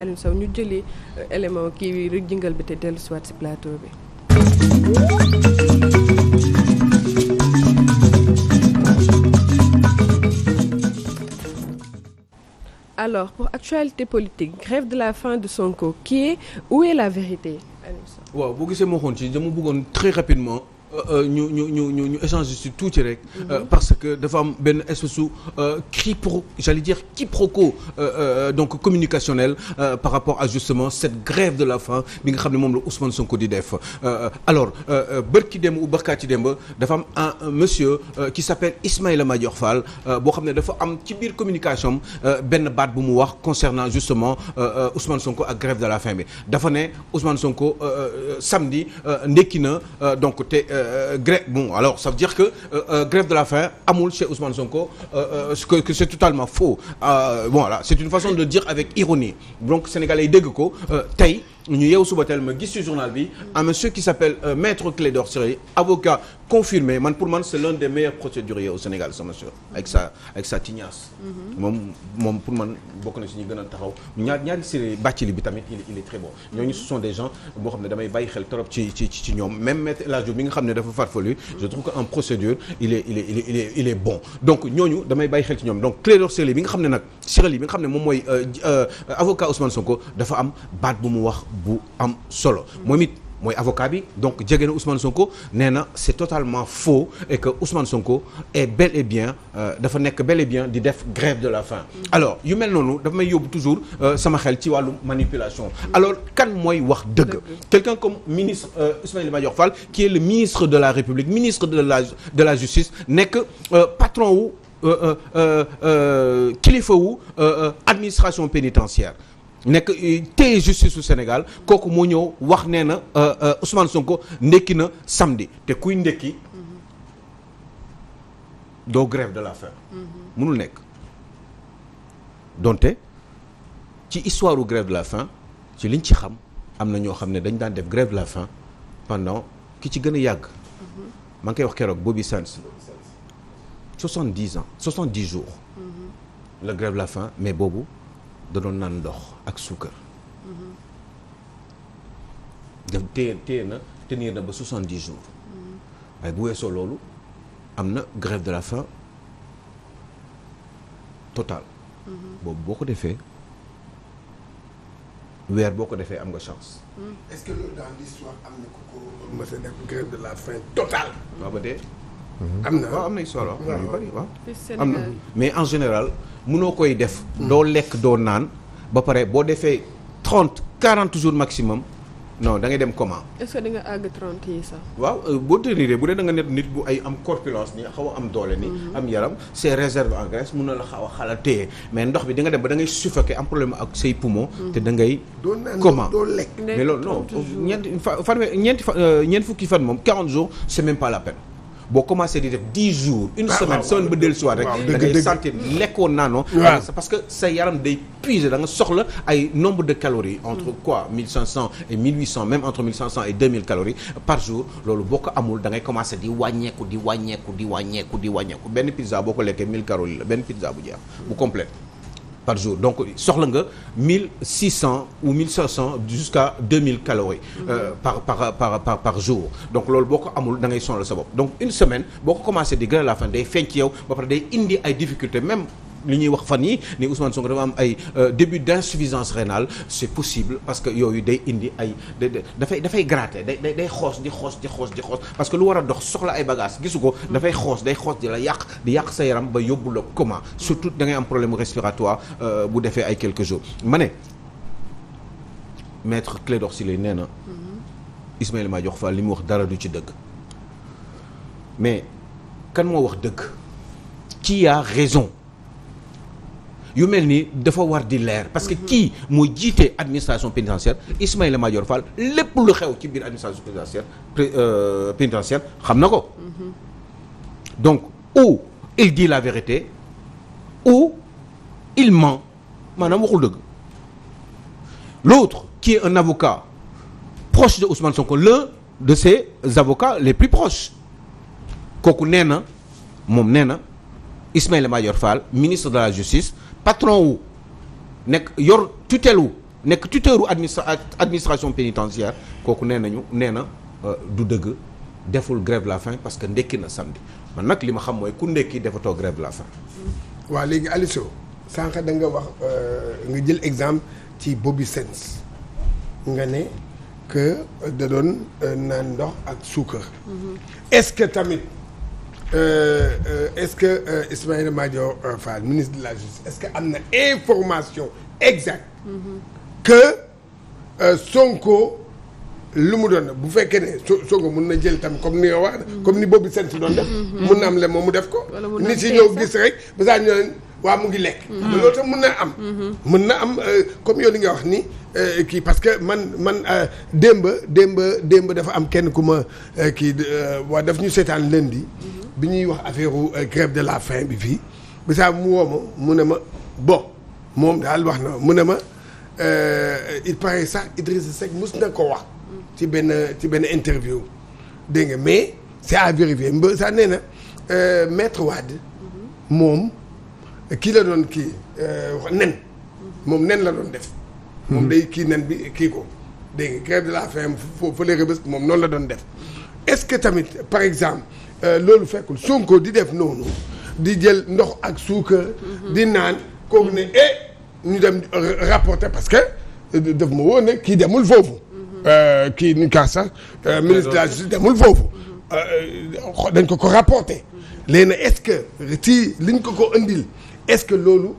Aliou ñu jëli euh, kii bi jingal bi te dellu siwaat ci pour actualité politique grève de la faim de Sonko qui est la vérité Aliou Sow. waaw boo gisee moo xoon ci dama bëggoon très rapidement. Euh, euh, ñu ñu ñu ñu ñu échange si tuuti rek. Mhm. Euh, parce que dafa am benn espèce su quiproquo j'allais dire quiproquo donc communicationnel par rapport à justement cette grève de la faim bi nga xam ne moom la Ousmane Sonko di def alors bërki dem ou bërkaati dem ba dafa am un ki sa s'appelle Ismaïla Madior Fall boo xam ne dafa am ci biir communication benn baat bu mu wax concernant justement Ousmane Sonko ak grève de la fin bi dafa ne Ousmane Sonko samedi ndekki na donc te. Euh, euh, grève bon alors ça veut dire que euh, grève de la faim amul chez Ousmane Sonko que que c'est totalement faux voilà c'est une façon de dire avec ironie donc sénégalais yi dégg ko tey ñu yeew suba teel ma gis ci journal bi un monsieur qui s'appelle euh, maître Clédor Ciré avocat confirmé man pour man c'est l'un des meilleurs procéduriers au Sénégal ce monsieur avec sa avec sa mhm. moom moom pour man bokk na ci ñu taxaw ñaar ñaari Ciré Bathily bi tamit il il est très bon ñooñu des boo xam ne damay bàyyi xel trop ci ci ci ñoom même maître El nga xam ne dafa farfelu je trouve que en procédure il est bon donc ñooñu damay bàyyi xel ñoom donc Clédor Ciré bi nga xam ne nag Ciré bi nga xam ne moom mooy euh, euh, avocat Ousmane Sonko dafa am baat bu mu wax bu am solo moom it mooy avocat bi donc jege na Ousmane Sonko nee na c'est totalement faux et que Ousmane Sonko est bel et bien euh, dafa nekk bel et bien di def grève de la faim alors yu mel noonu dafa may yóbbu toujours euh, sama xel ci wàllu manipulation alors kan mooy wax dëgg quelqu'un comme ministre el euh, Madior Fall qui est le ministre de la République ministre de la de la justice nekk patron wu kilifa wu administration pénitentiaire nekk téye justice su Sénégal kooku moo ñëw wax nee na euh, euh, Ousmane Sonko ndekki na samdi te kuy ndekki doo grève de la faim mënul nekk donte ci histoire u grève de la faim ci liñ ci xam am na ñoo xam ne dañ daan def grève de la faim pendant ki ci gën a yàgg maa ngi koy wax keroog Bobby Sands soixante-dix ans soixante-dix jours mhm. la grève la faim mais boobu da doon naan ndox ak suukar. daf téye téye na tenir na ba soixante-dix jours. waaye bu weesoo loolu am na grève de la faim totale. boobu boo ko defee weer boo ko defee am nga chance. est-ce que loolu dans l'histoire am na ku ko mës a def grève de la faim totale. waaw ba dee. am na waaw am histoire waaw mais en général. mënoo koy def. doo lekk doo naan ba pare boo defee trente quarante jours maximum non da dem comment. est-ce que nga àgg trente yi sax. waaw euh, boo teniree bu dee da nga nekk nit bu ay am corpulence ni xaw a am doole ni mhm. am yaram ses réserves en graisse mun na la xaw a xala téye mais ndox bi di nga dem ba da ngay suffoqué am problème ak say poumon. Mhm. te da ngay. comment doo lekk mais loolu non ñeenti fa fanweer ñeenti fa euh, ñeent fukki fan moom quarante jours c'est même pas la peine. boo commencé di def dix jours une ah, semaine semaine ba dellusiwaat rek da ngay sentir lekkoo naanoo parce que sa yaram day puiser da nga soxla ay nombre de calories entre mm. quoi mille cinq cent et mille huit cent même entre mille cinq cent et deux mille calories par jour loolu boo ko amul da ngay di wàññeeku di wàññeeku di wàññeeku di wàññeeku benn pizza boo ko lekkee mille calories la bu jeex bu complète par jour donc soxla nga mille six cent ou mille cinq cent jusqu'à deux mille calories euh, par par par par par jour donc loolu boo ko amul da ngay sonal sa bopp donc une semaine boo ko commencé di gën a fan day feeñ ci yow ba pare day indi ay difficultés même li ñuy wax fan yi ni Ousmane Sonko dafa am ay euh, début d'insuffisance rénale c'est possible parce que yooyu day indi ay dafay dafay gratter day day xoos di xoos di xoos di xoos parce que lu war a dox soxla ay bagages gisu ko mm. dafay xoos day xoos di la yàq di yàq sa yaram ba yóbbu la coma surtout da ngay am problème respiratoire euh, bu defee ay quelques jours ma ne maître Clédor Ciré nee na mm-hmm. Ismaïla jox fa li mu wax dara du ci dëgg mais kan moo wax dëgg qui a raison yu mel ni dafa war di leer parce que kii moo jiite administration pénitentiaire Ismaïla Madior Fall lépp lu xew ci biir administration pénitentiaire euh, pénitentiaire xam na ko donc ou il dit la vérité ou il ment maanaam waxul dëgg l'autre qui est un avocat proche de Ousmane Sonko l'un de ses avocats les plus proches kooku nee na moom nee na Ismaïla Madior Fall ministre de la justice patron wu nekk yor tutelle wu nekk tuteur wu administra administration pénitentiaire kooku nee ñu nee na euh, du dëgg deful grève la fin parce que ndekki na samedi man nag li ma xam mooy ku ndekki defatoo grève la faim. waa léegi Aliou Sow sànq da nga wax euh, nga jël exemple ci Bobby Sens nga ne que euh, da doon naan ndox ak suukar. Mhm. est-ce que tamit. Euh, euh, est-ce que euh, Ismaïla Madior Fall ministre de la justice est-ce que am na information exacte que Sonko lu mu doon bu fekkee ne so Sonko mun na jël tam comme ni comme ni boobu seen si doon def mun na am le moom mu def ko nit si ñëw gis rek ba saa ñoo leen waa mu ngi lekk mhm. loolu tam mun na am mhm. mun na am comme yow li nga wax nii kii parce que man man démb démb démb dafa am kenn ku ma kii waa daf ñu seetaan leen lundi bi ñuy wax affaire grève de la faim bi fii bisaa mu woo ma mu ne ma bon moom daal wax na mu ne ma il paraît sax Idrissa Seck mus na ko wax. ci benn ci benn interview dégg nga mais c'est à vérifier mba sax nee na maître Wade moom kii la doon kii nen moom nen la doon def. moom day kii nen bi kii ko dégg nga grève de la faim foofu fële rëbës moom noonu la doon def est-ce que tamit par exemple. Euh, loolu fekkul Sonko di def noonu di jël ndox ak suukar mhm. di naan kooku ne eh ñu dem euh, rapporter parce que euh, daf ma wóor ne kii demul foofu mhm. kii nu ka sax ministre de la justice demul foofu mhm. dañ ko ko rapporter léegi nag est-ce que ci liñ ko ko indil est-ce que loolu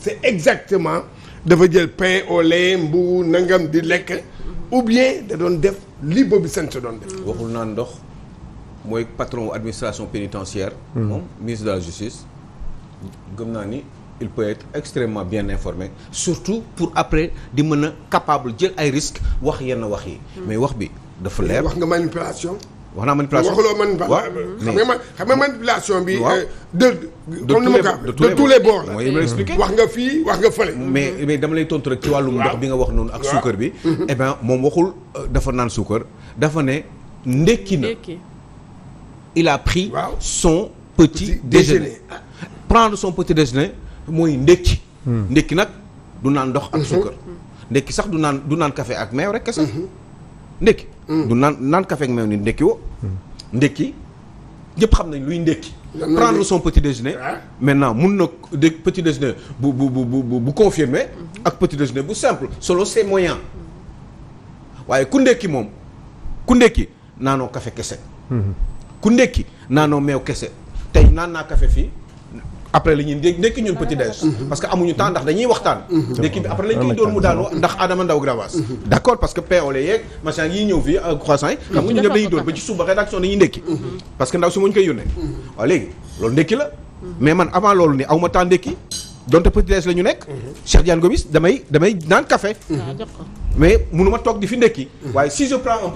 c'est exactement dafa jël pain au lait mbu nangam di lekk ou bien da doon def li bi seen sa doon def naan ndox mooy patron wu administration pénitentiaire hmm. moom ministre de la justice gëm naa ni il peut être extrêmement bien informé surtout pour après di mën a capable jël ay risques wax yenn wax yi hmm. mais wax bi dafa leer wax nga manipulation wax naa manipulation waxuloo manipulation xam nga manipulation bi. Euh, de de tous les bords mooy li ma expliqué wax nga fii wax nga fële. mais mais dama lay tontu rek ci wàllum ndox bi nga wax noonu. ak suukar bi. eh bien moom waxul euh, dafa naan suukar dafa ne ndekki na. il a pris wow. son petit, petit déjeuner. déjeuner. prendre son petit déjeuner mooy ndékki hmm. ndékki nag du naan dox ak mhm. suukar ndékki sax du naan du naan kafe ak meew rek kese mhm. ndékki hmm. du naan naan café ak meew ni ndékki woo hmm. ndékki ñëpp xam nañ luy ndékki prendre son petit déjeuner ah. maintenant mun na de petit déjeuner bu bu bu bu confirmé ak petit déjeuner bu simple selon ses moyen waaye ku ndékki moom ku ndékki naanoo café kese ku ndekki naanoo meew kese tey naan naa café fii après la ñuy ndekki ñun petit déj mm-hmm. Mm-hmm. parce que amuñu temps ndax dañuy waxtaan mm-hmm. ndekki bi après la ñu koy doon mu daanu ndax Adama Ndaw Gravas d' parce que pole yeeg machin yi ñëw fii euh, croissant yi xam doon ba ci suba rédaction dañuy ndekki parce que ndaw si muñ koy yónnee waaw léegi loolu ndekki la mais man avant loolu ni aw ma temps ndekki donte petit déj la ñu nekk Cheikh Diane Gomis damay damay naan café mais mënu ma toog di fi ndekki waaye si je prends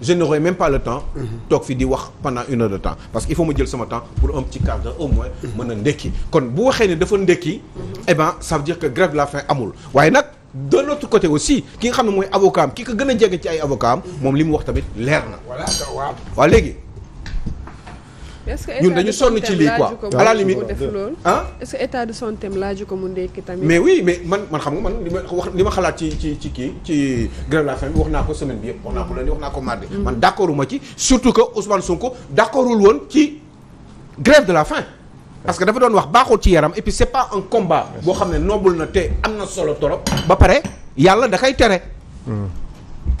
je n'aurai même pas le temps. toog fi di wax pendant une heure de temps parce que il faut ma jël sama temps pour un petit quart d'heure au moins. mën a ndekki kon bu waxee ne dafa ndekki. eh sa ça veut dire que grève la faim amul waaye nag. de l'autre côté aussi ki nga xam ne mooy avocat am ki ko gën a jege ci ay avocat am moom li mu wax tamit leer na. voilà waaw léegi. ñun dañu sonn ci lii quoi à la ah est-ce que état de santé laaju ko mu ndekki tamit mais oui mais man man xam nga man li ma wax ma xalaat ci ci ci kii ci grève la faim bi wax naa ko semaine bi yëpp wax naa ko lundi wax naa ko mardi mm. man d'accorduma ci surtout que Ousmane Sonko d'accordul woon ci grève de la faim parce que dafa doon wax baaxul ci yaram et puis c'est pas un combat boo xam ne noble na te am na solo torop ba pare yàlla da kay tere mm.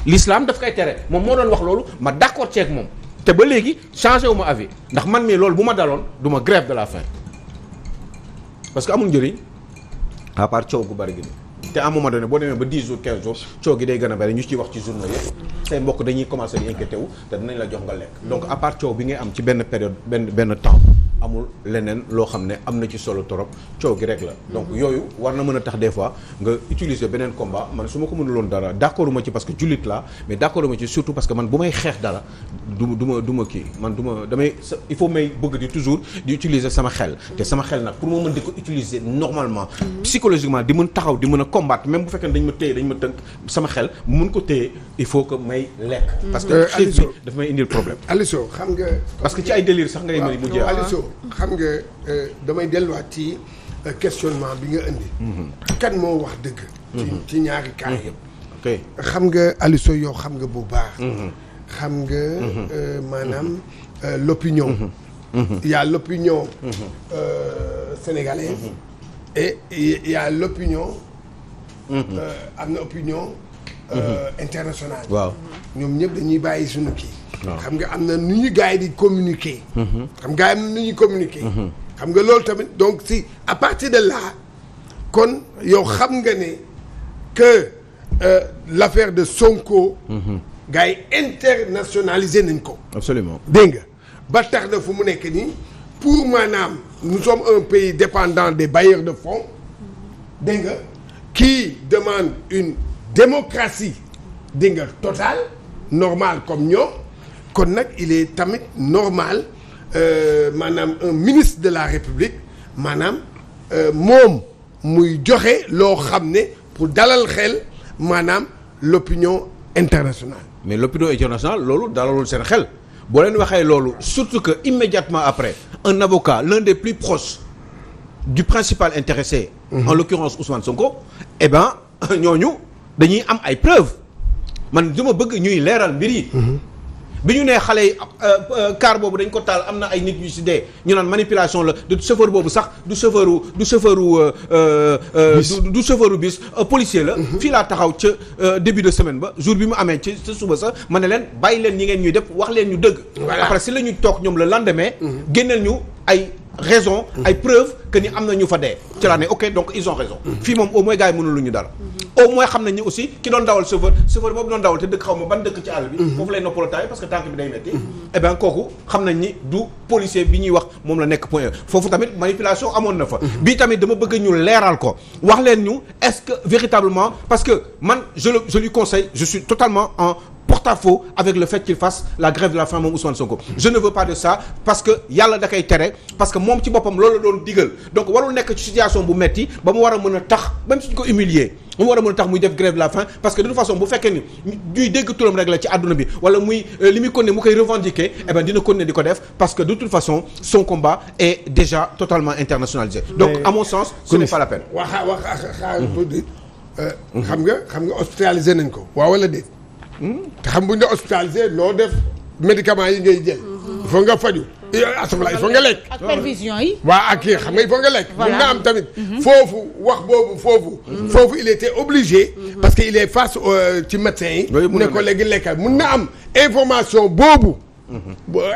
l'islam daf koy tere moom moo doon wax loolu ma d'accord ceeg moom te ba léegi changé wu ma ndax man mii loolu bu ma daloon duma ma grève de parce que amul njëriñ à part coow gu bari gi te à un moment boo demee ba 10 jours 15 jours coow gi day gën a bari ñu ci wax ci journaux yëpp say mbokk dañuy commencé di inquiété wu te dinañ la jox nga lekk donc à part bi ngay am ci benn période benn benn temps amul leneen loo xam ne am na ci solo torop coow gi rek la. donc mhm. yooyu war na mën a tax des fois nga utiliser beneen combat man su ma ko mënuloon dara d' accord ma ci parce que jullit laa mais d' accord ma ci surtout parce que man bu may xeex dara du ma ma du ma kii man du may bëgg di toujours di utiliser sama xel. sama xel nag pour ma mën ko utiliser normalement. Mhm. psychologiquement di mën taxaw di mën a combattre même bu fekkee dañ ma téye dañ ma tënk sama xel mu mën ko téye il faut que may lekk. parce que euh, xiif bi daf may indil problème. Aliou Sow nga. parce que ci ay délire sax ngay mujjee. Aliou ah. Sow xam nga euh, damay delluwaat ci euh, questionnement bi nga indi mhm. kan moo wax dëgg ci mhm. ci ñaari cas yëpp mhm. xam nga Aliou yow xam nga bu baax xam nga euh, maanaam l'opinion y a l'opinion sénégalaise et y a l'opinion am na opinion internationale waaw ñoom ñëpp dañuy bàyyi suñu kii xam nga am na nu ñu gars yi di communiquer. Mhm. xam nga am na nu ñu communiquer. Mhm. xam nga loolu tamit donc si à partir de là kon yow xam nga ne que euh, l' affaire de Sonko. Mhm. gars yi internationalisé nañ ko. absolument dégg nga ba tax na fu mu nekk nii pour maanaam nous sommes un pays dépendant des bailleurs de fonds dégg nga qui demande une démocratie dégg nga totale normale comme ñoom. kon nag il est tamit normal euh, maanaam un ministre de la république maanaam euh, moom muy joxe loo xam ne pour dalal xel maanaam l'opinion internationale. mais l'opinion internationale loolu dalalul seen xel boo leen waxee loolu surtout que immédiatement après un avocat l'un des plus proches du principal intéressé. Mmh. en l'occurrence Ousmane Sonko. eh ben ñooñu dañuy am ay preuves man duma bëgg ñuy leeral mbir yi. Mhm. bi ñu nee xale yi euh, euh, car boobu dañ ko taal am na ay nit yu ci dee ñu naan manipulation la du chauffeur boobu sax du chauffeur du chauffeur euh, du du chauffeur bus policier la. Mhm. fii laa taxaw ca début de semaine ba jour bi mu amee ci sa suba sax ma ne leen bàyyi leen ñi ngeen ñuy def wax leen ñu dëgg. après si la ñu toog ñoom la lendemain. Mhm. génneel ñu ay. raison ay preuve que ni am na ñu fa dee ci laa ne ok donc ils ont raison fii moom au moins gars yi lu ñu dara au moins xam nañ ni aussi ki doon dawal chauffeur chauffeur boobu doon dawal te dëkk xaw ma ban dëkk ci àll bi mhm. foofu lay noppaloo taay parce que tànk bi day metti eh bien kooku xam nañ ni du policier bi ñuy wax moom la nekk point e foofu tamit manipulation amoon na fa mhm. bii tamit dama bëgg ñu leeral ko wax leen ñu est-ce que véritablement parce que man porte-à-faux avec le fait qu'il fasse la grève de la faim moom Ousmane Sonko je ne veux pas de ça parce que yàlla da koy tere parce que moom ci boppam loolu la doon digal donc warul nekk ci bu metti ba mu war a mën a tax même suñ ko humilier mu war a mën a tax muy def grève de la faim parce que de toute façon bu fekkee ni ñuy dégg turam rek la ci àdduna bi wala muy li muy continuer mu koy revendiquer eh ben dina continuer di ko def parce que de toute façon son combat est déjà totalement internationalisé donc à mon sens ce n'est pas la xam nga xam nga hospitalisé nañ ko waaw wala déet Hmm? te xam bu ñu la hospitalisé loo def médicament yi ngay jël. il mhm. faut nga faju ah, asalaamaaleykum il faut nga lekk. ak perfusion yi. waaw ak xam nga il faut nga lekk. mun na am tamit. Mhm. foofu wax boobu foofu. Mhm. foofu il était obligé. parce que il est face euh, ci médecin yi. mu ne ko léegi lekkal mun na am information boobu.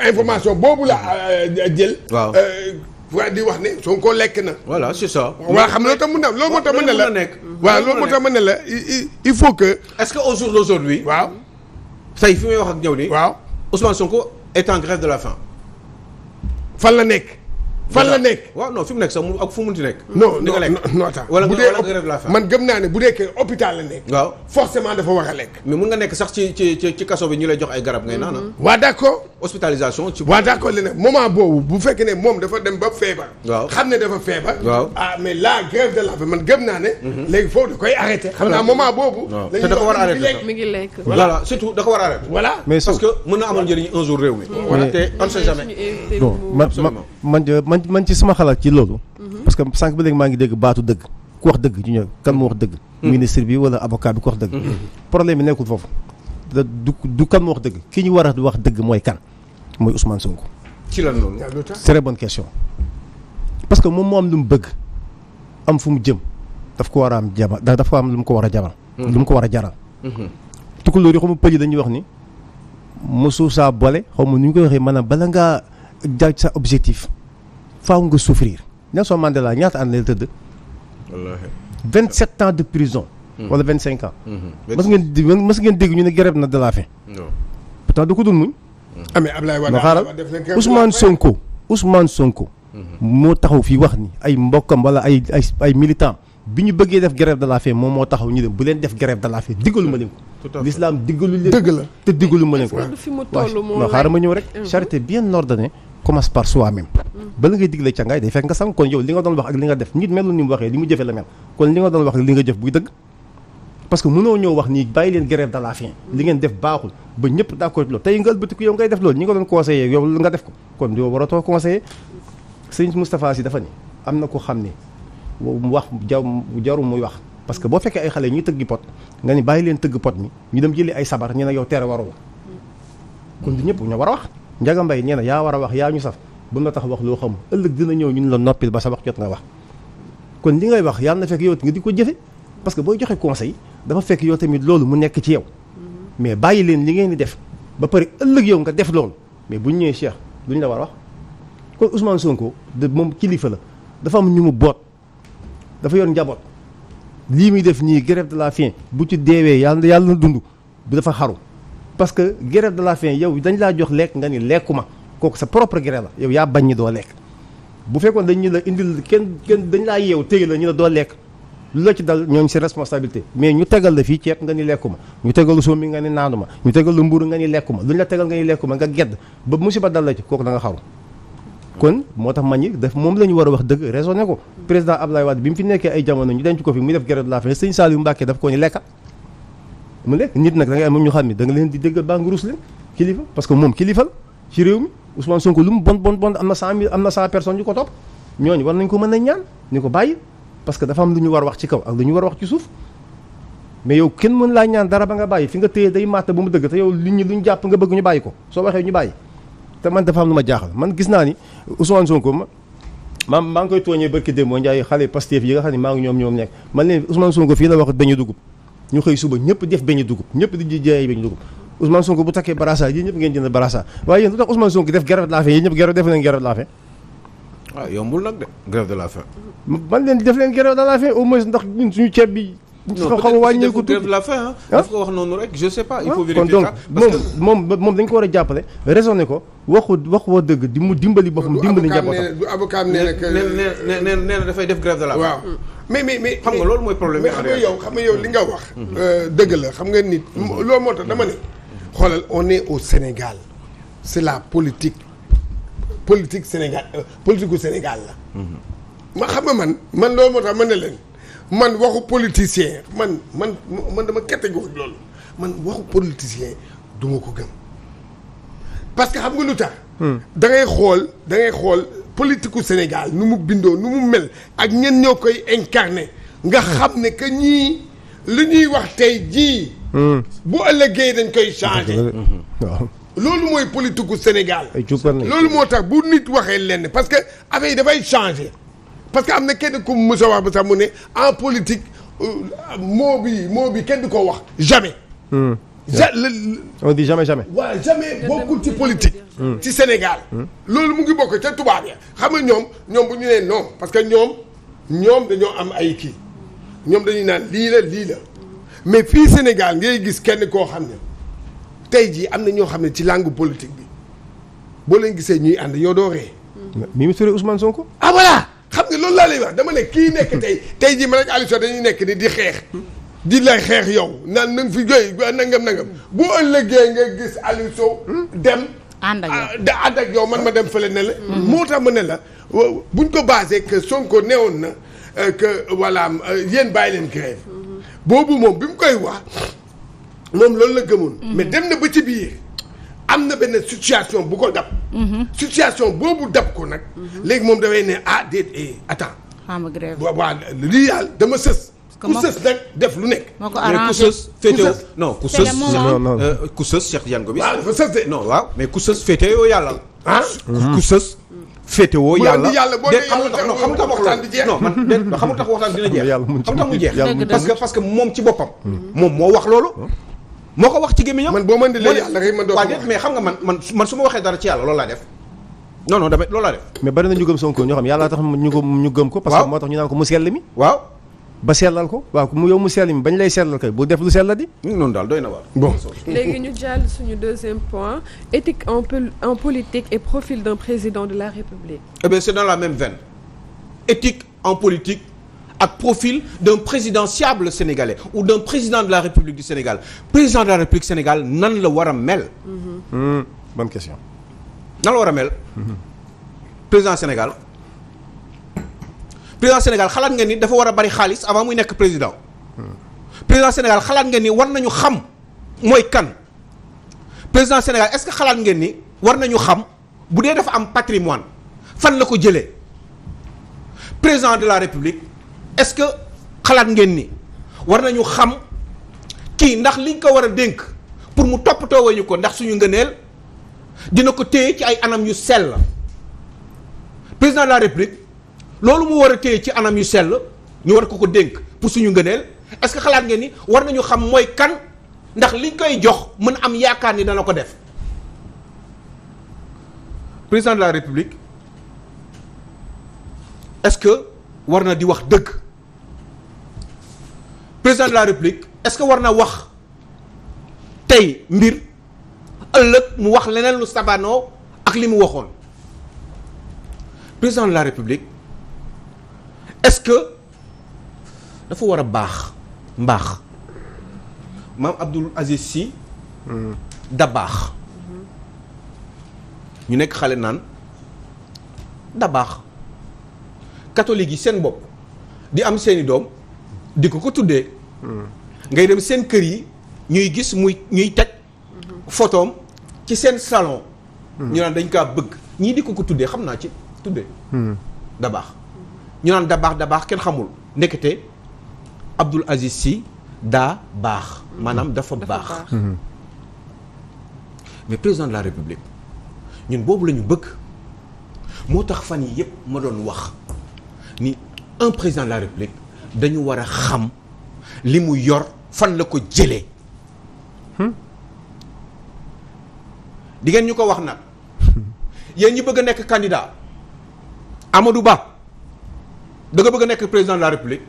information boobu la euh, jël. waaw. Euh, waa di wax ne Sonko lekk na. voilà c'est ça. waaw xam nga loolu tam loolu moo tax mën na la waaw loolu moo tax mën na la il faut que. est-ce que au jour d'aujourd'hui waaw tey fi may wax ak ñëw nii. waaw Ousmane Sonko est en grève de la faim. fan la nekk. fan la nekk waaw non fi mu nekk sax mu ak fu mu munti nekk. non non non attends wala bu dee man gëm naa ne bu dee hôpital la nekk. waaw forcément dafa war a lekk. mais mun nekk sax ci ci ci ci kaso bi ñu lay jox ay garab ngay naan ah. mm-hmm. waa d' accord. hospitalisation ci. waa d' accord leneen bu fekkee ne moom dafa dem ba feebar. waaw xam ne dafa feebar. Ah, mais la grève de man gëm naa ne. Mm-hmm. léegi foofu da koy arrêté. xam naa moment boobu. waaw te dafa war a arrêté mi ngi lekk voilà surtout da war a arrêté. voilà parce que mën na amal njëriñ un jour réew mi. voilà te on sait jamais. non man euh, man man ci sama xalaat ci loolu. Mhm. parce que sànq ba léegi maa ngi dégg baatu dëgg. ku wax dëgg ci ñëw kan moo wax dëgg. Mhm. ministre bi wala avocat bi ku wax dëgg. Mhm. problème bi nekkul foofu. du kan moo wax dëgg ki ñu war a wax dëgg mooy kan mooy Ousmane Sonko. ci lan loolu. très bonne question. moom moo am lu mu bëgg am fu mu jëm daf ko war a am jaba daf ko am lu mu ko war a jaral. lu mu ko war a jaral. tukulóor yi xaw ma pëj dañuy wax ni mosu saa boole xaw ma nu ñu koy jaaj sa objectif faaw nga souffrir Nelson Mandela ñaata ànd la tëdd. wallaahi 27 ans de prison. Hmm. wala cinq ans. mas hmm. ngeen di mas ngeen dégg ñu ne grève na de la faim. pourtant du ko dul muñ. Hmm. amee Ablaye Wade xaaral Ousmane Sonko Ousmane Sonko. moo taxaw fii wax ni ay mbokkam wala ay ay ay militant bi ñu bëggee def grève de moom moo taxaw ñu dem bu leen def grève de la faim diggalu ma leen ko. l'islam diggalu leen te diggalu ma leen ko. waaw xaaral ma ñëw rek charité bien commence par soi-même bala ngay digle càngaay day fekk nga sang kon yow li nga doon wax ak li nga def nit melul ni mu waxee li mu jëfee la mel kon li nga doon wax ak li nga jëf buy dëgg parce mënoo ñëw wax nii bàyyi leen grève de la faim li ngeen def baaxul ba ñëpp d'accord ci loolu tey nga ëlbatiku yow ko kon yow waratoo am na ko xam ne wax ja jaru muy wax parce que boo fekkee ay xale ñuy tëggi pot nga ni bàyyi leen tëgg pot mi ñu dem jëli ay sabar ñu ñëpp ñoo war a wax Njaga Mbay nee na yaa war a wax yaa ñu saf bu na tax wax loo xam ëllëg dina ñëw ñu nu la noppi ba sa wax jot nga wax kon li ngay wax yàlla na fekk yow nga di ko jëfe parce que booy joxe conseil dafa fekk yow tamit loolu mu nekk ci yow mm-hmm. mais bàyyi leen li ngeen di def ba pare ëllëg yow nga def loolu mais bu ñu ñëwee Cheikh lu ñu la war a wax kon Ousmane Sonko de moom kilifa la dafa am ñu mu boot dafa yoon njaboot lii muy def nii grève la faim bu ci deewee yàlla yàlla na dund bu dafa xaru parce que grève de la faim yow dañ laa jox lekk nga ni lekkuma kooku sa propre grève la yow yaa bañ ñi doo lekk bu fekkoon dañ ñu la indil kenn kenn dañ laa yeew téye la ñu la doo lekk lu la ci dal ñooñu si responsabilité mais ñu tegal la fii ceeb nga ni lekkuma ñu tegal la soomi nga ni naanuma ñu tegal la mburu nga ni lekkuma lu ñu la tegal nga ni lekkuma nga gedd ba musiba dal la ci kooku da nga xaru kon moo tax man ñi daf moom la ñu war a wax dëgg raisonné ñu denc ko fi muy def ko ni lekka mu lekk nit nag da ngay am ñu xam ne da nga leen di déggal baa nga ruus leen kilifa parce que moom kilifal ci réew mi Ousmane Sonko lu mu bon bon bon am na cent mille am ko topp ñooñu war nañ ko am lu ñu war wax ci kaw ak lu wax ci suuf mais yow kenn mën laa ñaan dara ba nga bàyyi fi nga téye day màtt ba mu dëgg te yow li ñu lu ñu ko soo waxee ñu bàyyi te man dafa am ma gis naa ni Ousmane Sonko ma maa maa ngi koy tooñee barki démb moo njaay xale Pastef yi nga xam ne maa ngi ñoom ñoom nekk man leen Ousmane Sonko fii la wax dañu dugub ñu xëy suba ñëpp def beñu dugub ñëpp di jaay beñu dugub Ousmane Sonko bu takkee barasa yéen ñëpp ngeen jënd barasa waaye yéen lu tax Ousmane Sonko def grève de la faim ñëpp grève def leen grève de la faim ah, yombul nag de grève de la faim leen def leen grève de la au moins ndax ñun suñu ceeb bi non peut-être la fin ah. daf ko wax noonu rek je sais pas. il faut ah, vérifier ça parce que moom moom moom dañ ko war a jàppale. raisonné ko waxu wax woo dëgg di mu dimbali boppam dimbali. njabootam bu avocat nee na nee na dafay def grève de la waaw mais mais mais xam nga loolu mooy problème bi. xam nga yow xam nga yow li nga wax. Euh, dëgg la xam nga nit. loolu moo tax dama ne. xoolal on est au Sénégal c'est la politique politique Sénégal euh, politique gu Sénégal la. ma xam nga man man loolu moo tax man ne leen. man waxu politicien man man man dama catégorique loolu man waxu politicien du ko gëm parce que xam nga lu tax. Hmm. da ngay xool da ngay xool politiku Sénégal nu mu bindoo nu mu mel ak ñen ñoo koy incarné nga hmm. xam ne que ñii li ñuy wax tey jii. Hmm. bu ëllëgee dañ koy changé. loolu mooy politiku Sénégal. loolu moo tax bu nit waxee lenn parce que affaire yi dafay changé. parce que am na kenn ku mu sa wax ba sax mu ne en politique euh, mot bi mot bi kenn du ko wax jamais. Hmm. ja on dit jamais jamais. waaw jamais bokkul ci politique. Hmm. ci Sénégal. loolu mu ngi bokk ca tubaab ya xam nga ñoom ñoom bu ñu nee non parce que ñoom ñoom dañoo am ay kii ñoom dañuy naan lii la lii la mais fii Sénégal ngay gis kenn koo xam ne tey jii am na ñoo xam ne ci langue politique bi boo leen gisee ñuy ànd yow doo ree. Mimi Touré Ousmane Sonko. ah voilà. xam nga loolu laa lay wax dama ne kii nekk tey tey jii man ak Aliou Sow dañuy nekk ni di xeex di la xeex yow naan na nga fi joy nangam boo bu ëllëgee nga gis Aliou Sow dem ànd ak yow da man ma dem fële ne la moo tax ma ne la buñ ko basé que Sonko neewoon na euh, que voilà euh, yéen bàyyi leen grève boobu moom bi mu koy wax moom loolu la gëmoon mais dem na ba ci biir am na benn situation bu ko dab. situation boobu dab ko nag. léegi moom dafay ne ah déet eh, attends. xam ah, waaw lii yàlla dama sës. ku sës nag def lu nekk. moo ko arrangé ku sës féetewoo non ku sës. non non ku sës Cheikh Diagne yàlla. ah ku sës. féetewoo yàlla de de xamul tax tax mu jeex parce que moom ci boppam. moom moo wax loolu. moo ko wax ci gémmiñam man boo mën di lee yàlla wax mais xam nga man man man su ma waxee dara ci yàlla loolu laa def non non dama loolu laa def mais bari na ñu gëm Sonko ñoo xam yàlla tax ñu ñu gëm ko parce que moo tax ñu naan ko mu sell mi waaw ba sellal ko waaw mu yow mu sell mi bañ lay sellal kay bu def lu sell di. noonu daal doy na waar. bon léegi ñu jàll suñu deuxième point éthique en politique et profil d'un président eh en politique. ak profil d'un présidentiable sénégalais ou d'un président de la République du Sénégal président de la République Sénégal nan la war a mel. Mm-hmm. Mm-hmm. bonne question. nan la war a mel. Mm-hmm. président Sénégal président Sénégal xalaat nga ni dafa war a bari xaalis avant muy nekk président. président Sénégal xalaat ngeen ni war nañu xam mooy kan président Sénégal est-ce que xalaat ngeen ni war nañu xam bu dee dafa am patrimoine fan la ko jëlee président de la République. est-ce que xalaat ngeen ni war nañu xam kii ndax liñ ko war a dénk pour mu toppatoo ñu ko ndax suñu ngëneel dina ko téye ci ay anam yu sell président de la république loolu mu war a téye ci anam yu sell ñu war ko ko dénk pour suñu ngëneel est-ce que xalaat ngeen ni war nañu xam mooy kan ndax liñ koy jox mën a am yaakaar ni dana ko def président de la république est-ce que war na di wax dëgg. président de la république est-ce que war na wax tey mbir ëllëg mu wax leneen lu sabanoo ak li mu waxoon président de la république est-ce que dafa war a baax mbaax maam Abdoul Aziz si da baax ñu nekk xale naan da baax catholique yi seen bopp di am seeni doom di ko ko tuddee ngay dem seen kër yi ñuy gis muy ñuy teg photoom ci seen salon. ñu naan dañ kaa bëgg ñii di ko ko tuddee xam naa ci tuddee. da baax ñu naan da baax da baax kenn xamul ndekete Abdoul Aziz Sy daa baax maanaam dafa baax. Mhm. mais président de la république ñun boobu lañu bëgg moo tax fan yi yëpp ma doon wax ni un président de la république dañu war a xam. li mu yor fan la ko jëlee. Hmm? di ngeen ñu ko wax nag yéen ñi bëgg a nekk candidat Amadou Ba da nga bëgg a nekk président de la république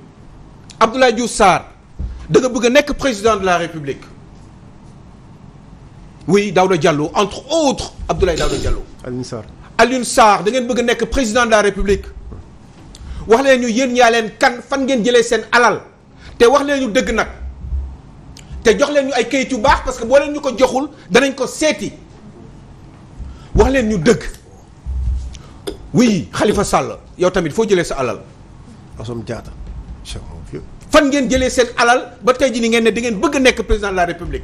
Abdoulaye Diouf Sarr da nga bëgg a nekk président de la république oui Daouda Diallo entre autres Abdoulaye Daouda Diallo. Alioune Sarr Alioune Sarr da ngeen bëgg nekk président de wax leen ñu yéen ñaa leen kan fan ngeen jëlee seen alal. te wax leen ñu dëgg nag te jox leen ñu ay kayit yu baax parce que boo leen ñu ko joxul danañ ko seeti wax leen ñu dëgg oui xalifa Sall yow tamit foo jëlee sa alal. Assome Diatta. fan ngeen jëlee seen alal ba tey ji ni ngeen ne di ngeen bëgg nekk président de la république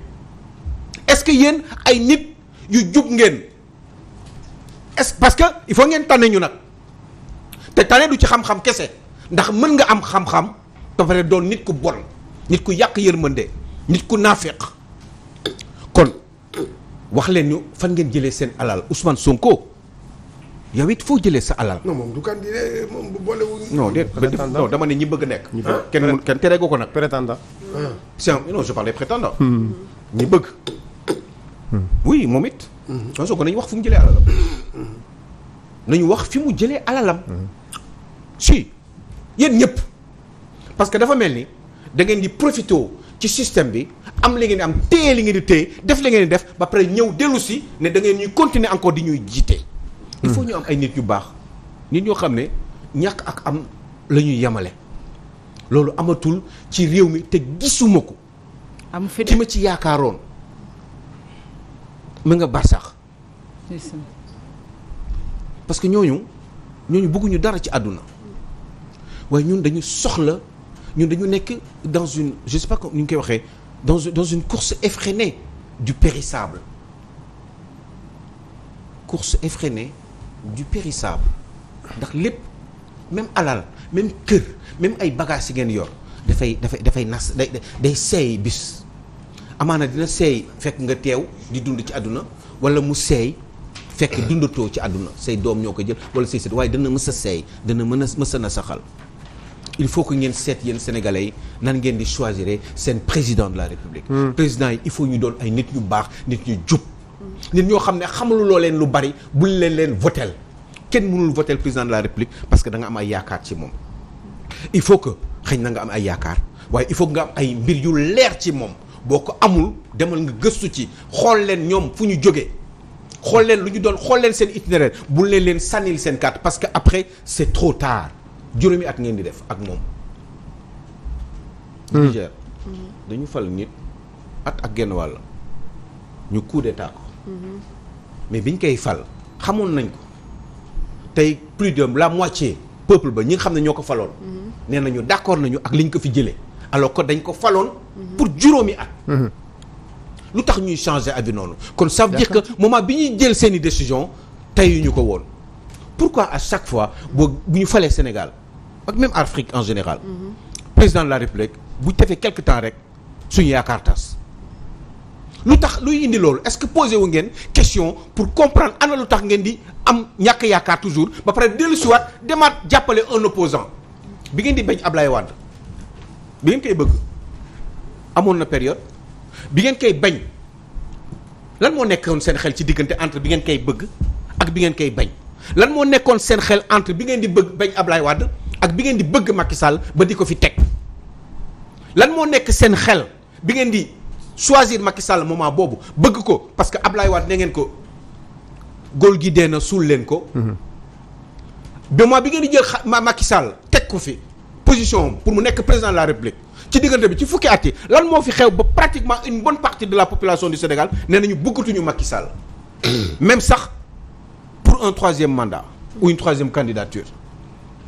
est-ce que yéen ay nit yu jub ngeen est-ce parce que il faut ngeen tànne ñu nag te tànne du ci xam-xam kese ndax mën nga am xam-xam. ba doon nit ku bon nit ku yàq yërmande nit ku naafeq kon wax leen ñu fan ngeen jëlee seen alal Ousmane Sonko yow it foo jëlee sa alal. non moom du candidat moom bu boolewul. non déet non dama ne ñi bëgg nekk. ñu kenn kenn teree ko ko nag. prétendant. c'est un non je parlais hmm. ñi bëgg. Hmm. oui moom it. Hmm. nañu wax fu mu jëlee alalam. nañu wax fi mu jëlee alalam. si yéen ñëpp. parce que dafa mel ni da ngeen di profité ci système bi am li ngeen di am téye li ngeen di téye def li ngeen di def ba pare ñëw dellusi ne da ngeen ñuy continuer encore di ñuy jiite. il faut ñu am ay nit yu baax nit ñoo xam ne ñàkk ak am la ñuy yemale loolu amatul ci réew mi te gisuma ko. am fi ki ma ci yaakaaroon mu nga barsax parce que ñooñu ñooñu bëgguñu dara ci àdduna waaye ñun dañu soxla. ñun dañu nekk dans une je sais pas comme ni ñu koy waxee dans dans une course effrénée du périssable course effrénée du périssable ndax lépp même alal même kër même ay bagages yi ngeen yor dafay dafay dafay nas day day seey bis amaana dina seey fekk nga teew di dund ci àdduna wala mu seey fekk dundatoo ci àdduna say doom ñoo ko jël wala say waaye dana mës a seey dana mën a mës a nasaxal il faut que ngeen seet yéen sénégalais yi nan ngeen di choisir seen président de la république. Hmm. président yi il faut ñu doon ay nit ñu baax nit ñu jub. nit ñoo xam ne xamaluloo leen lu bari buñ leen leen votel kenn mënul votel président de la république parce que da am ay yaakaar ci moom. il faut que xëy na nga am ay yaakaar waaye il faut que nga am ay mbir yu leer ci moom boo ko amul demal nga gëstu ci xool leen ñoom fu ñu jógee. xool leen lu ñu doon xool seen itinéraire bu leen leen sànnil seen carte parce que après c'est trop tard. juróomi at ngeen di def ak moom. Hmm. Niger dañu fal nit at ak genn wàll ñu coup d'état ko hmm. mais biñ koy fal xamoon nañ ko tey plus de la moitié peuple ba ñi nga xam ne ñoo ko faloon. Hmm. nee nañu d'accord nañu ak liñ ko fi jëlee alors ko dañ ko faloon. pour juróomi at. lu tax ñuy changer avis noonu. kon ça veut dire que moment bi ñuy jël seeni décision tey ñu ko woon. pourquoi à chaque fois boo bu ñu falee Sénégal ak même Afrique en général. président de la république bu defee quelque temps rek suñu yaakaar tas. lu tax luy indi loolu est-ce que posé wu ngeen question pour comprendre ana lu tax ngeen di am ñàkk yaakaar toujours ba pare dellusiwaat demaat jàppale un opposant bi ngeen di bañ Ablaye Wade bi ngeen koy bëgg amoon na période bi ngeen koy bañ lan moo nekkoon seen xel ci diggante entre bi ngeen koy bëgg ak bi ngeen bañ lan moo nekkoon seen xel entre bi ngeen di bëgg bañ Ablaye Wade ak bi ngeen di bëgg Macky Sall ba di ko fi teg lan moo nekk seen xel bi ngeen di choisir Macky Sall moment boobu bëgg ko parce que Ablaye Wade ne ngeen ko góol gi dee na suul leen ko. Mhm. moment bi ngeen di jël xa Macky Sall teg ko fi position pour mu nekk président de la République ci diggante bi ci fukki at yi lan moo fi xew ba pratiquement une bonne partie de la population du Sénégal nee nañu bëggatuñu Macky Sall. Mhm. sax pour un troisième mandat ou une troisième candidature.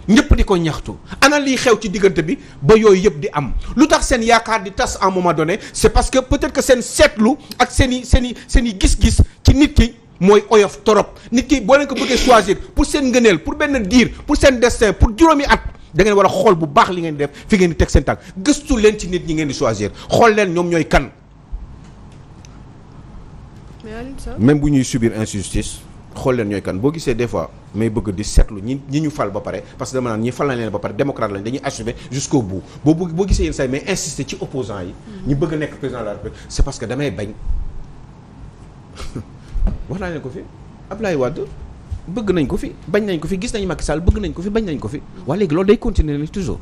ñëpp di ko ñaxtu ana lii xew ci diggante bi ba yooyu yëpp di am lu tax seen yaakaar di tas à un moment donné c'est parce que peut-être que seen seetlu ak seeni seeni seen i seen i gis-gis ci nit ki mooy oyof torop nit ki boo leen ko bëggee choisir pour seen ngëneel pour benn diir pour seen destin pour juróomi at da ngeen war a xool bu baax li ngeen di def fi ngeen di teg seen tànk gëstu leen ci nit ñi ngeen di choisir xool leen ñoom ñooy kan. même bu ñuy subir injustice. xool leen ñooy kan boo gisee des fois may bëgg di seetlu ñi ñi ñu fal ba pare parce que dama naan ñi fal na leen ba boo bëgg boo gisee yenn saa yi may insister ci opposants yi. ñu bëgg nekk président de damay bañ wax naa leen ko fi ab lay Wade bëgg nañ ko fi bañ nañ ko fi gis nañ Macky Sall bëgg nañ ko fi bañ nañ ko fi waaye léegi loolu day continuer ni toujours.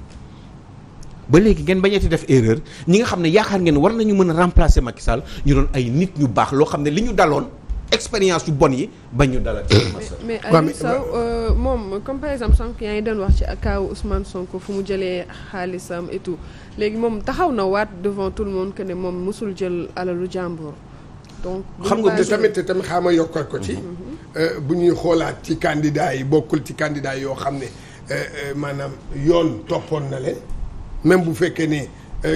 ba léegi ngeen bañeeti def erreur ñi nga xam ne yaakaar ngeen war nañu mën a remplacer Macky Sall ñu doon ay nit ñu baax loo xam ne li ñu daloon expérience yu bon yi ba ñu dalal. mais Aliou Sow euh, moom comme par exemple sànq yaa ngi doon wax ci kaw Ousmane Sonko fu mu jëlee xaalisam et léegi moom taxaw na waat devant tout le que ne moom mosul jël alalu jàmbur. donc xam nga te tamit te tamit xaama yokkal ko ci. Mm-hmm. Euh, bu ñuy xoolaat ci candidat yi bokkul ci candidat yoo xam ne euh, maanaam yoon toppoon na leen même bu fekkee ni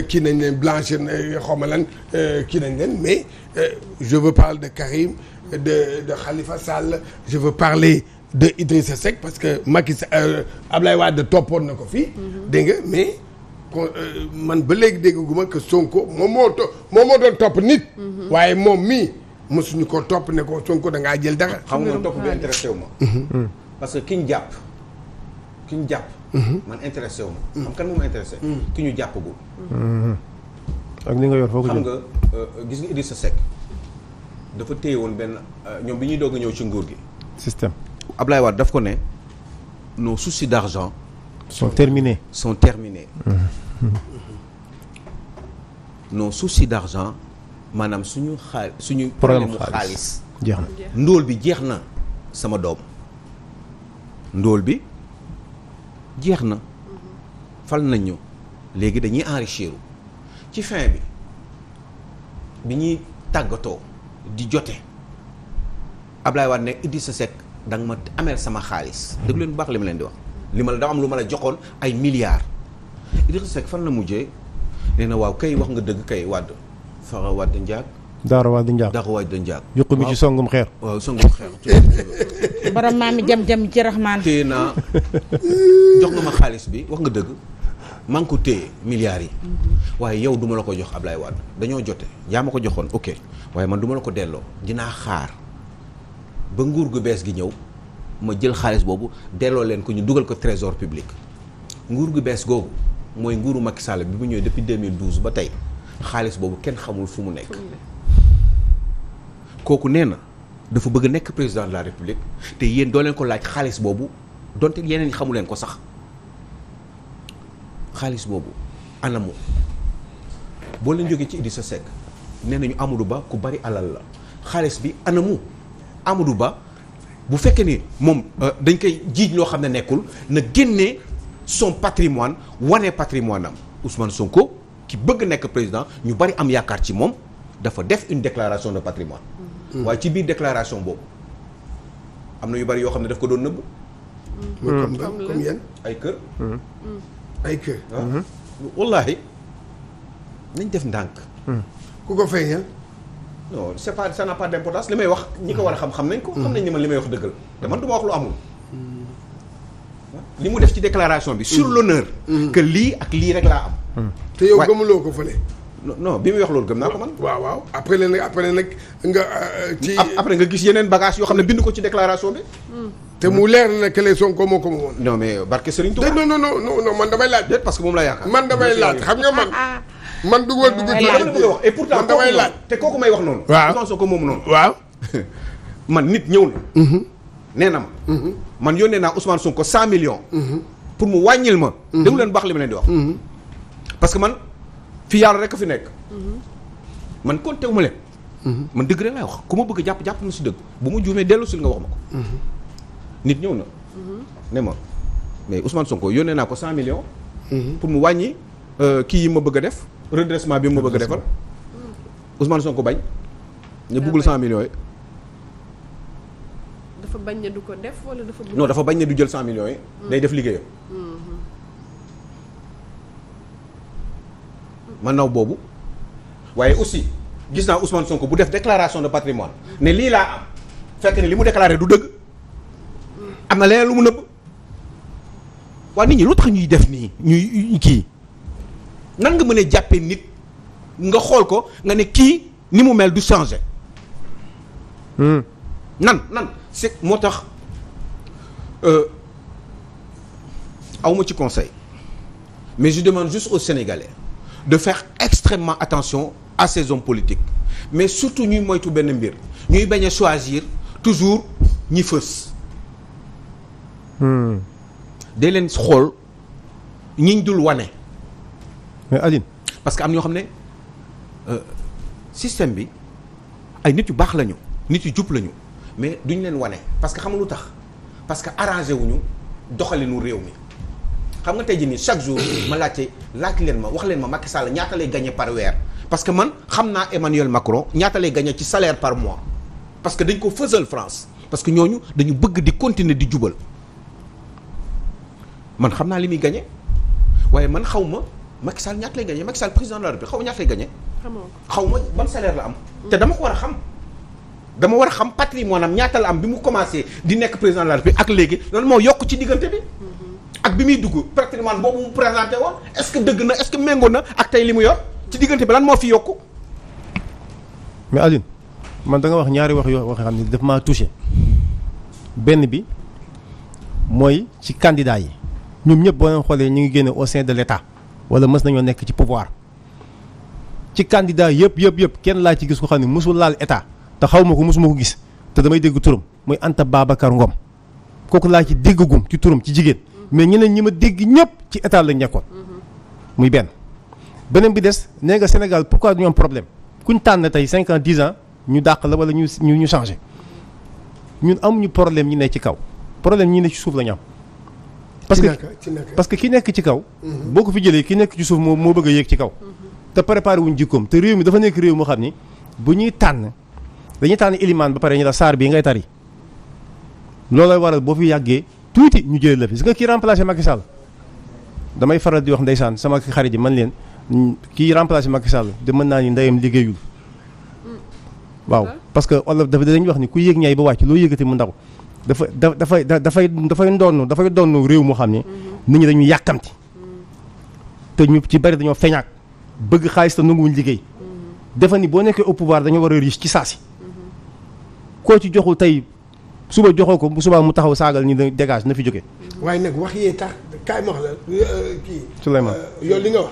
kii nañ leen blanchir xaw ma lan kii nañ leen mais je veux parler de Karim. de de Khalifa Sall je veux parler de Idrissa Seck parce que Macky Sall euh, Ablaye Wade toppoon na ko fii. Mhm. dégg nga mais euh, man ba léegi dégguma que Sonko moom moo moom moo topp nit. Mhm. waaye moom mii mosuñu ko topp ne ko Sonko da ngaa jël dara. xam nga topp bi intéressé wu ma. Mhm. Mm. parce que ki ñu jàpp ki ñu jàpp. man intéressé wu ma. Mm. Mm. ki ñu jàppagul. Mm-hmm. ak li nga yor foo ko jël xam nga euh, gis dafa téye woon benn euh, ñoom bi ñuy dogg a ñëw ci nguur gi. système Ablaye Wade daf ko ne nos soucis d'argent sont terminés sont terminés. Mmh. Mmh. nos si d'argent maanaam suñu xaal suñu. problème mu xaalis jeex na ndóol bi jeex na sama doom. ndool bi jeex na mmh. fal nañu léegi dañuy enrichir ci fin bi bi ñuy tàggatoo. di jote laay Wade ne Idrissa sa da danga ma ameel sama xaalis déglu leen bu baax li ma leen di wax li ma la dama am lu ma la joxoon ay milliards Idrissa Seck fan la mujjee nee na waaw kay wax nga dëgg kay Wade fara Wade Ndiak. Daara Wade Ndiak Daara Wade Ndiak. yokk mi ci songum xeer. waaw songum xeer. borom maami jam jam ci raxmaan. téye naa jox nga ma xaalis bi wax nga dëgg. maa ngi ko téye milliards yi. waaye yow duma la ko jox Ablaye waat dañoo jote yaa ma ko joxoon ok waaye man duma la ko delloo dinaa xaar ba nguur gu bees gi ñëw ma jël xaalis boobu delloo leen ko ñu dugal ko trésor public. nguur gu bees googu mooy nguuru Macky Sall bi mu ñëwee depuis 2012 ba tey xaalis boobu kenn xamul fu mu nekk. kooku nee na dafa bëgg nekk président de la république te yéen doo leen ko laaj xaalis boobu donte yeneen yi xamu leen ko sax. xaalis boobu anamu boo leen jógee ci sa Seck nee nañu Amadou Ba ku bari alal la xaalis bi anamu Amadou Ba bu fekkee ni moom euh, dañ koy jiij loo xam ne nekkul na génnee son patrimoine wane patrimoine am Ousmane Sonko ki bëgg nekk président ñu bari am yaakaar ci moom dafa def une déclaration de patrimoine mm-hmm. waaye ci biir déclaration boobu am na yu bari yoo xam ne daf ko doon nëbb mm-hmm. comme yéen ay kër mm-hmm. ay kër. Ah. nañ def ndànk. Hmm. ku ko feeñal. non c'est pas ça n'a pas d'importance li may wax ñi ko war a xam xam nañ ko. Hmm. xam nañ ni man li may wax dëggal te man du ma wax lu amul. Hmm. Ah. li mu def ci déclaration bi sur l'honneur que lii ak lii rek laa am. te yow gëmuloo ko fële. non bi muy wax loolu gëm naa ko man. waaw waaw après nag après nag nga euh, ci. après nga gis yeneen bagage yoo xam ne bind ko ci déclaration bi. te mu leer na kële Sonko moo ko moom. Euh, non man damay laaj. déet parce que moom la yaakaar. man damay laaj xam nga man. Ah, ah, ah. man dugg dugg dugg wax et pourtant man damay laaj te kooku may wax noonu. waaw Ousmane Sonko moom noonu. waaw man nit ñëw na. Mhm. nee na ma. Mhm. man yónnee naa Ousmane Sonko cent millions. Mhm. pour mu wàññil ma. déglu leen baax li ma leen di wax. parce que man fi yàlla rek a fi nekk. man compté wu leen. man dëgg rek laay wax ku ma bëgg jàpp jàpp ma si dëgg bu ma juumee dellu si nga wax ko. nit ñëw na. ne ma mais usman Sonko yónnee naa ko cent millions. pour mu wàññi euh, kii yi ma bëgg a def redressement bi ma bëgg a defal. Ousmane Sonko bañ. ne bëggul cent millions yi. dafa bañ ne du ko def wala dafa. dafa bañ du jël cent millions yi. Mm. day def liggéeyam. Mm-hmm. ma naw boobu. waaye aussi gis naa Ousmane Sonko bu def déclaration de patrimoine ne lii laa am fekk ne li mu déclaré du dëgg. am na leneen lu mu nëbb waa nit ñi lu tax ñuy def nii ñuy kii nan nga mën a jàppee nit nga xool ko nga ne kii ni mu mel du changer. Hmm. nan nan c'est moo tax euh, awma ci conseil mais ju demande juste au Sénégalais de faire extrêmement attention à saison politique mais surtout ñuy moytu benn mbir ñuy bañ choisir toujours ñi fës. day leen xool ñiñ dul wane. mais Aline. parce que am ñoo xam ne euh, système bi ay nit yu baax la nit yu jub la ñu mais duñ leen wane parce que xam nga lu tax parce que arrangé wuñu doxalinu réew mi xam nga tey ji nii chaque jour ma laajte laaj leen ma wax leen ma Macky Sall ñaata lay par weer parce que man xam naa Emmanuel Macron ñaata lay gagné ci salaire par mois parce que dañ ko fësal France parce que ñooñu dañu bëgg di continuer di jubal. man xam naa li muy gagné waaye man xaw ma Macky Sall ñaata lay gagné Macky Sall président de la xaw ma ñaata lay gagné. xaw ma ban salaire la am. te dama ko war a xam. dama war a xam patrimoine am ñaata la am bi mu commencé di nekk président de la ak léegi lan moo yokk ci diggante bi. ak bi muy dugg patrimoine boobu mu présenté woon est-ce que dëgg na est-ce que méngoo na ak tey li mu yor ci diggante bi lan moo fi yokku. mais Aline man da nga wax ñaari wax yoo xam ne daf maa benn bi mooy ci candidat yi. ñoom ñëpp boo leen xoolee ñu ngi génne au sein de l'État wala mës nañoo nekk ci pouvoir ci candidat yëpp yëpp yëpp kenn laa ci gis ko xam ne mosul laal État te xaw ko mosuma ko gis te damay dégg turam muy Anta Babacar Ngom kooku laa ci déggagum ci turam ci jigéen mais ñeneen ñi ma dégg ñëpp ci état lañ nekkoon muy benn. beneen bi des nee nga Sénégal pourquoi ñu am problème kuñ tànn tey cinq ans dix ans ñu dàq la wala ñu ñu changé ñun amuñu problème ñi ne ci kaw problème ñi ne ci suuf la ñu am. parce que parce que ki nekk ci kaw. Mhm. boo ko fi jëlee ki nekk ci suuf moo moo bëgg a yéeg ci kaw. Mhm. te préparé wuñ jikkoom te réew mi dafa nekk réew moo xam ni bu ñuy tànn dañuy tànn ilimaan ba pare ñu la saar bii ngay tari loolu lay waral boo fi yàggee tuuti ñu jëlee la fi gis nga kii remplacé Macky Sall damay faral di wax ndeysaan sama xarit yi man leen kii remplacé Macky Sall de mën naa ni ndeyam liggéeyul mm. waaw parce que olof dafa dañuy wax ni ku yéeg ñaay ba wàcc loo yëgati mu ndaw. dafa da dafay dafay dafay doon dafay doon réew moo xam ne mm-hmm. nit ñi dañuy yàkkamti mm-hmm. te ñu ci bari dañoo feñaak bëgg xaalis te nanguwuñ liggéey mm-hmm. defa ni boo nekkee au pouvoir dañoo war a riche ci si koo ci joxul tey suba joxoo ko bu mu taxaw saagal ni dégage na fi jóge waaye nag wax yee tax kaay ma wax la euh, euh, nga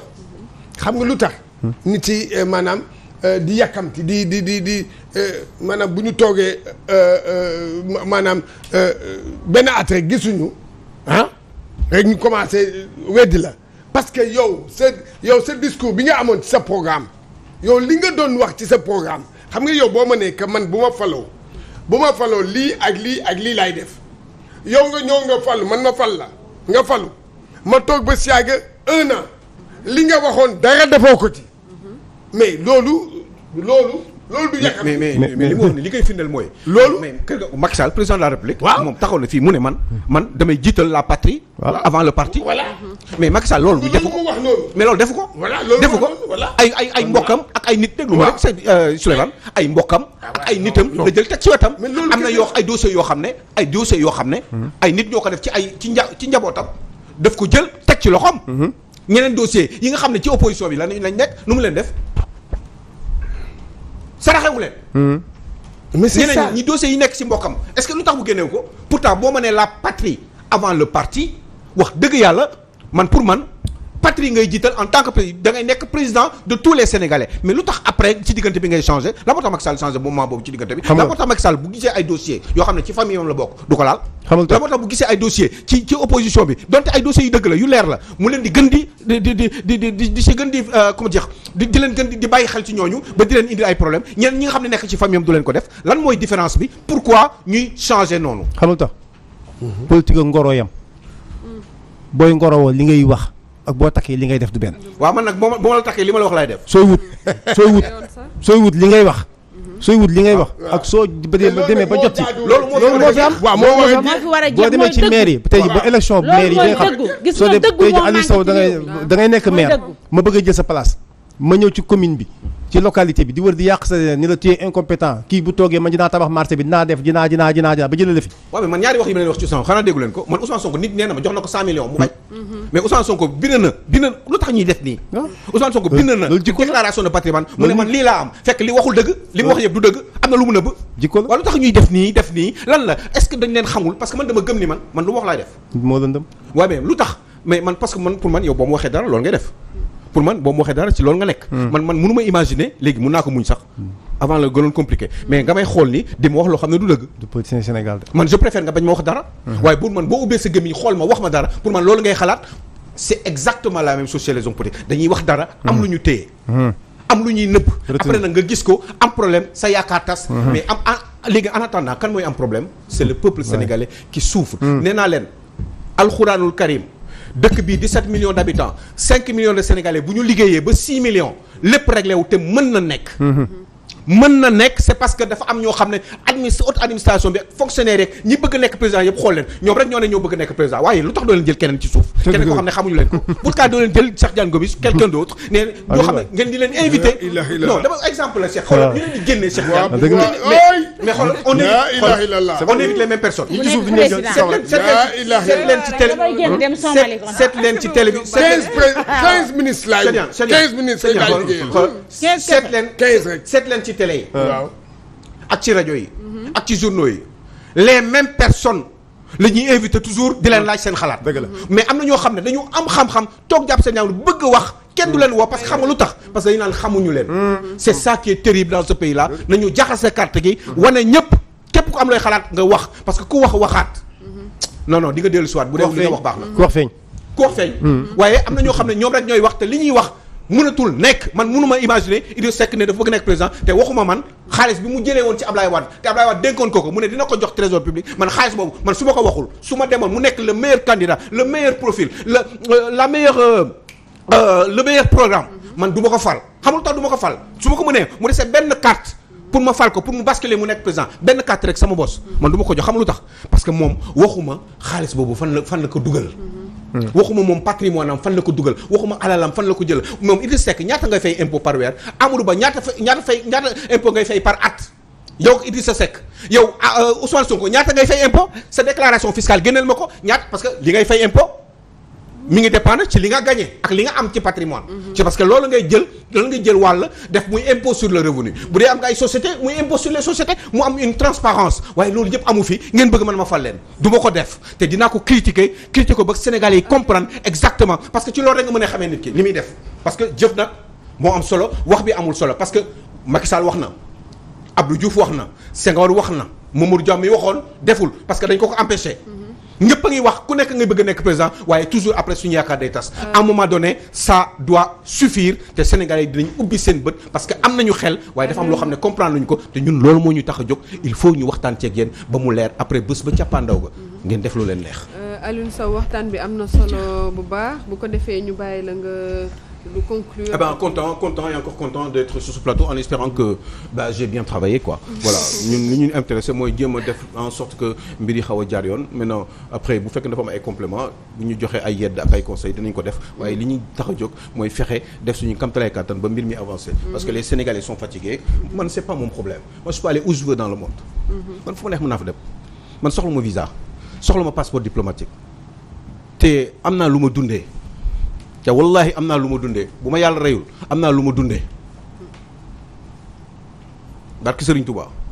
xam nga lu tax hmm? nit yi euh, maanaam Euh, di yàkkamti di di di di euh, maanaam bu ñu toogee euh, maanaam benn at rek gisuñu ah rek ñu commencé weddi la parce que yow sa yow sa discours bi nga amoon ci sa programme yow li nga doon wax ci sa programme xam nga yow boo ma nee que man bu ma faloo bu ma faloo lii ak lii ak lii laay def yow nga ñëw nga falu man ma fal la nga falu ma toog ba si yàgg li nga waxoon dara defoo ko ci mm-hmm. mais loolu loolu. loolu du yàq mais mais mais li ma wax ni li koy firndeel mooy. loolu mais kër ga Macky Sall président de la République. waaw moom taxaw na fii mu ne man. man damay jiital la patrie. avant le parti. voilà mais Macky Sall loolu. defu ko mais loolu defu ko. voilà defu ko ay ay ay mbokkam ak ay nit. déglu ma rek sëñ euh, Souleymane ay mbokkam. Ah ak ay nitam la jël teg ci wetam. am na yoo ay dossiers yoo xam ne ay dossiers yoo xam ne. Mhm. ay nit ñoo ko def ci ay ci nja ci njabootam. daf ko jël teg ci loxoom. Mhm. ñeneen dossier yi nga xam ne ci opposition bi lan lañ nekk nu mu leen def saraxewu leen. mais c'est ça ñeneen ñi dossiers yi nekk ci mbokkam est-ce lu tax mu génneewu ko pourtant boo ma nee la patrie avant le parti wax dëgg yàlla man pour man patrie ngay jiital en tant que président da nekk président de tous les sénégalais mais lu tax après ci diggante bi ngay changé la moo tax Macky Sall changé moment boobu ci diggante bi. la moo tax Macky Sall bu gisee ay dossiers yoo xam ne ci famille moom la bokk du ko laal. la moo tax bu bi donte ay dossiers yu dëgg la leen di gën di di di di di di leen gën di bàyyi xel ci ñooñu ba di leen indi ay problème ñeneen ñi nga xam ne nekk ci famille am du leen ko def lan mooy différence bi pourquoi ñuy changer noonu xamul tax politique ak ngoro yam booy ngorowoo li ngay wax ak boo takkee li ngay def du benn waa man nag boo ma la takkee li ma la wax lay def sooy wut sooy wut li ngay wax sooy wut li ngay wax mhm. ah, ak soo ah. demee ba jot ci loolu moo fi am waaw moo boo demee ci maire yi tey ba élection maire soo dem tey ji nekk maire ma bëgg a jël sa place ma ñëw ci commune bi ci localité bi di wër di yàq sa ni la téye incompétent kii bu toogee man dinaa tabax marché bi dinaa def dinaa dinaa dinaa ba jëlee fi man ñaari wax yi ma leen wax ci Ousmane xanaa déggu leen ko man na ma mm-hmm. lu tax ñuy def nii ah. Ousmane Sonko bind na ah, de ah. na lu jikko la waaw lu tax ñuy def nii def nii lan la est-ce que dañ leen xamul parce que man dama gëm ni man man lu mu wax laay def moo lëndëm waaw mais lu tax mais man parce man pour man yow boo mu pour man boo ma waxee dara ci loolu nga nekk. Hmm. man man mënu ma imaginer léegi mun naa ko muñ sax. avant la gënoon compliqué hmm. mais nga may xool ni di ma wax loo xam ne du dëgg. du politicien Sénégal man je préfère nga bañ ma wax dara. Hmm. waaye pour man boo ubbee sa gémmiñ xool ma wax ma dara pour man loolu ngay xalaat c'est exactement la même chose les hommes politiques dañuy wax dara. am lu ñu téye. am lu ñuy nëpp. après nag nga gis ko am problème sa yaakaar tas. mais am ah, léegi en kan mooy am problème. c'est le peuple sénégalais qui souffre. nee naa leen alxuraanul karim. dëkk bii 17 millions d' habitants 5 millions de sénégalais bu ñu liggéeyee ba 6 millions lépp réglé wu te mën na nekk. Mm-hmm. mën na nekk c'est parce que dafa am ñoo xam ne administration bi fonctionnaire ñi bëgg nekk président yëpp xool leen ñoom rek ñoo ne ñoo bëgg nekk président waaye lu tax doo leen jël keneen ci suuf keneen koo xam ne xamuñu leen ko pourquoi doo leen jël Cheikh Diagne Gomis quelqu'un d'autre ne ñoo xam ne ngeen di leen invité non dama exemple la Cheikh xoolal ah. ñu leen di génnee Cheikh Diagne mais xoolal on évite leen ci télé seet leen ci télé bi leen ci ci télé yi. Ah. waaw ak ci rajo yi. ak ci journaux yi les mêmes personnes. la ñuy invité toujours di leen ah. laaj seen xalaat. dëgg la mm-hmm. mais am na ñoo xam ne dañu am xam-xam toog jàpp seen ñaawlu bëgg a wax kenn du leen woo parce que xam nga lu tax parce que dañu naan xamuñu leen. Mm-hmm. c' est ça qui est terrible dans ce pays là mm-hmm. nañu jaxase carte gi. wane ñëpp képp ko am looy xalaat nga wax parce que ku wax waxaat. non non di nga dellu si bu dee li nga wax baax na. ku wax feeñ ku wax feeñ. waaye am na ñoo munatul nekk man mënuma imaginer Idrissa Seck ne dafa bëgg nekk président te waxuma man xaalis bi mu jëlee woon ci Ablaye Wade te Ablaye Wade dénkoon ko ko mu ne dina ko jox trésor public man xaalis boobu man su ma ko waxul su ma demoon mu nekk le meilleur candidat le meilleur profil la euh, la meilleure euh, euh, le meilleur programme man du ma ko fal xam xamul tax du ma ko fal su ma ko nee mu dese benn carte pour ma fal ko pour mu basculer mu nekk président benn carte rek sama bos man du ko jox xam tax parce que moom waxuma xaalis boobu la fan la ko dugal Hmm. waxuma moom patrimoine am fan la ko dugal waxuma alalam fan la ko jël moom Idriss Seck ñaata ngay fay impôt par weer Amadou Ba ñaata fay ñaata fay ñaata impôt ngay fay par at yow sa Seck yow ah, euh, Ousmane Sonko ñaata ngay fay impôt sa déclaration fiscale génneel ma ko ñaata parce que li ngay fay impôt mi ngi dépendre ci li nga gagné ak li nga am ci patrimoine mhm. ci parce que loolu ngay jël loolu ngay jël wàll def muy impôt sur le revenu bu dee am nga ay société muy impôt sur les sociétés mu am une transparence waaye loolu yëpp amu fi ngeen bëgg man ma fal leen du ma ko def te dinaa ko critiquer critiquer ko ba Sénégalais yi comprendre exactement parce que ci loolu rek nga mën a xamee nit ki li muy def parce que jëf nag moo am solo wax bi amul solo parce que Macky Sall wax na Abdou Diouf wax na Senghor wax na Mamadou Dia mi waxoon deful parce que dañ ko ko empêché mhm. ñëpp a ngi wax ku nekk ngay bëgg a nekk président waaye toujours après suñu yaakaar day tas. à un moment donné ça doit suffire te Sénégalais dinañ ubbi seen bët parce que am nañu xel waaye dafa am loo xam ne comprendre luñu ko te ñun loolu moo ñu tax a jóg il faut ñu waxtaan ceeg yéen ba mu leer après bés ba cappaandaw ga ngeen def lu leen neex. Euh, Alioune Sow waxtaan bi am na solo bu baax bu ko defee ñu bàyyi la nga. le conclure. Eh ben content content et encore content d'être sur ce plateau en espérant que bah j'ai bien travaillé quoi. voilà ñun ñu intéressé mooy jéem a def en sorte que mbir yi xaw a jaar yoon maintenant après bu fekk dafa am ay compléments bu ñu joxee ay yedd ak ay conseils dinañ ko def waaye li ñuy tax a jóg mooy fexe def suñu kamtalaay kàttan ba mbir mi avancé. Mm-hmm. parce que les Sénégalais sont fatigués. man c'est pas mon problème moi je peux aller où je veux dans le monde. Mm-hmm. man fu ma neex soxla ma visa soxla ma te am naa lu ma dundee. te wallahi am na lu ma dundee bu ma yàlla reyul am na lu ma dundee barki Sëriñ Tuubaa